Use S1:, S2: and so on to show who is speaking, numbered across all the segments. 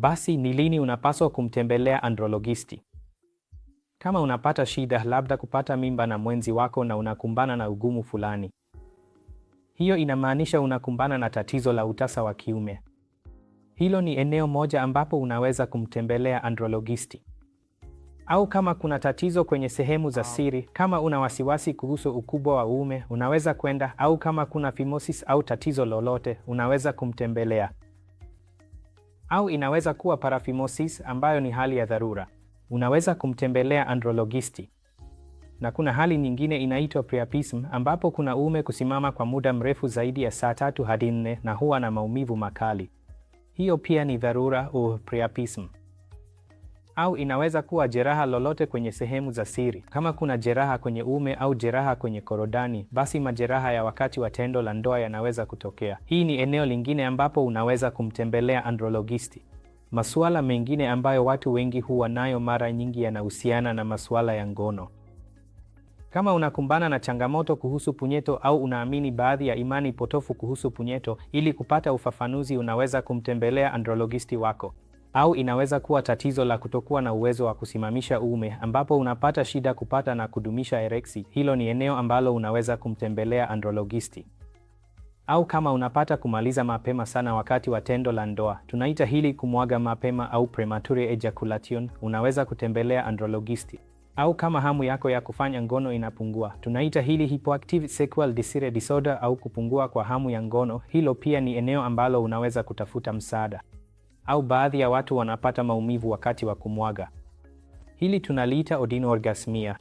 S1: basi ni lini unapaswa kumtembelea andrologisti. Kama unapata shida labda kupata mimba na mwenzi wako na unakumbana na ugumu fulani, hiyo inamaanisha unakumbana na tatizo la utasa wa kiume. Hilo ni eneo moja ambapo unaweza kumtembelea andrologisti. Au kama kuna tatizo kwenye sehemu za siri, kama una wasiwasi kuhusu ukubwa wa uume, unaweza kwenda. Au kama kuna phimosis au tatizo lolote, unaweza kumtembelea au inaweza kuwa parafimosis ambayo ni hali ya dharura. Unaweza kumtembelea andrologisti. Na kuna hali nyingine inaitwa priapism ambapo kuna uume kusimama kwa muda mrefu zaidi ya saa tatu hadi nne na huwa na maumivu makali. Hiyo pia ni dharura au priapism au inaweza kuwa jeraha lolote kwenye sehemu za siri. Kama kuna jeraha kwenye ume au jeraha kwenye korodani, basi majeraha ya wakati wa tendo la ndoa yanaweza kutokea. Hii ni eneo lingine ambapo unaweza kumtembelea andrologisti. Masuala mengine ambayo watu wengi huwa nayo mara nyingi yanahusiana na masuala ya ngono. Kama unakumbana na changamoto kuhusu punyeto au unaamini baadhi ya imani potofu kuhusu punyeto, ili kupata ufafanuzi, unaweza kumtembelea andrologisti wako au inaweza kuwa tatizo la kutokuwa na uwezo wa kusimamisha uume ambapo unapata shida kupata na kudumisha ereksi. Hilo ni eneo ambalo unaweza kumtembelea andrologisti. Au kama unapata kumaliza mapema sana wakati wa tendo la ndoa, tunaita hili kumwaga mapema au premature ejaculation, unaweza kutembelea andrologisti. Au kama hamu yako ya kufanya ngono inapungua, tunaita hili hypoactive sexual desire disorder au kupungua kwa hamu ya ngono. Hilo pia ni eneo ambalo unaweza kutafuta msaada au baadhi ya watu wanapata maumivu wakati wa kumwaga. Hili tunaliita orgasmia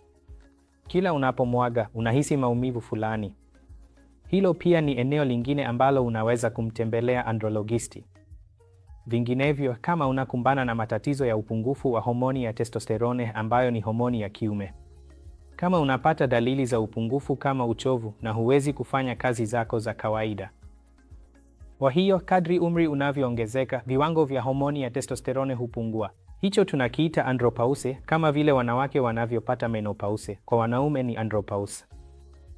S1: Kila unapomwaga unahisi maumivu fulani. Hilo pia ni eneo lingine ambalo unaweza kumtembelea andrologisti. Vinginevyo, kama unakumbana na matatizo ya upungufu wa homoni ya testosterone ambayo ni homoni ya kiume, kama unapata dalili za upungufu kama uchovu na huwezi kufanya kazi zako za kawaida kwa hiyo kadri umri unavyoongezeka, viwango vya homoni ya testosterone hupungua. Hicho tunakiita andropause, kama vile wanawake wanavyopata menopause, kwa wanaume ni andropause.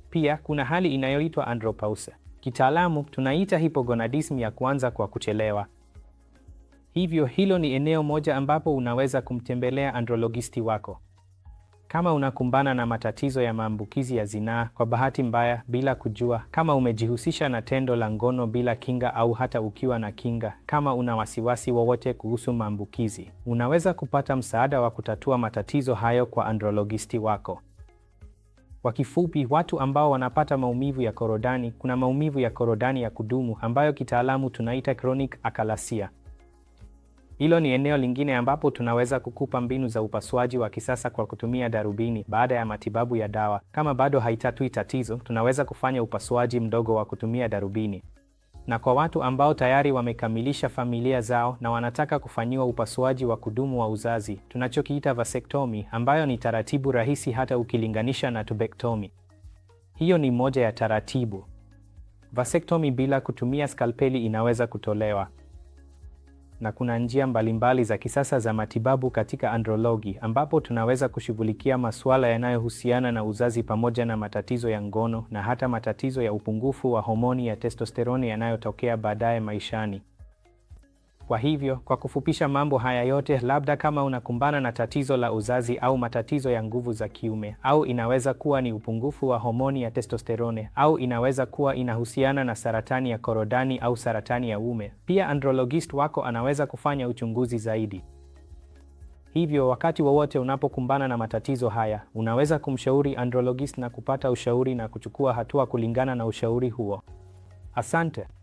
S1: Pia kuna hali inayoitwa andropause, kitaalamu tunaita hypogonadism ya kwanza kwa kuchelewa. Hivyo hilo ni eneo moja ambapo unaweza kumtembelea andrologisti wako. Kama unakumbana na matatizo ya maambukizi ya zinaa kwa bahati mbaya bila kujua, kama umejihusisha na tendo la ngono bila kinga au hata ukiwa na kinga, kama una wasiwasi wowote kuhusu maambukizi, unaweza kupata msaada wa kutatua matatizo hayo kwa andrologisti wako. Kwa kifupi, watu ambao wanapata maumivu ya korodani, kuna maumivu ya korodani ya kudumu ambayo kitaalamu tunaita chronic akalasia. Hilo ni eneo lingine ambapo tunaweza kukupa mbinu za upasuaji wa kisasa kwa kutumia darubini baada ya matibabu ya dawa. Kama bado haitatui tatizo, tunaweza kufanya upasuaji mdogo wa kutumia darubini. Na kwa watu ambao tayari wamekamilisha familia zao na wanataka kufanyiwa upasuaji wa kudumu wa uzazi, tunachokiita vasektomi, ambayo ni taratibu rahisi hata ukilinganisha na tubektomi. Hiyo ni moja ya taratibu. Vasektomi bila kutumia skalpeli inaweza kutolewa na kuna njia mbalimbali za kisasa za matibabu katika andrologi ambapo tunaweza kushughulikia masuala yanayohusiana na uzazi pamoja na matatizo ya ngono na hata matatizo ya upungufu wa homoni ya testosteroni yanayotokea baadaye maishani. Kwa hivyo, kwa kufupisha mambo haya yote, labda kama unakumbana na tatizo la uzazi au matatizo ya nguvu za kiume, au inaweza kuwa ni upungufu wa homoni ya testosterone, au inaweza kuwa inahusiana na saratani ya korodani au saratani ya ume, pia andrologist wako anaweza kufanya uchunguzi zaidi. Hivyo wakati wowote unapokumbana na matatizo haya, unaweza kumshauri andrologist na kupata ushauri na kuchukua hatua kulingana na ushauri huo. Asante.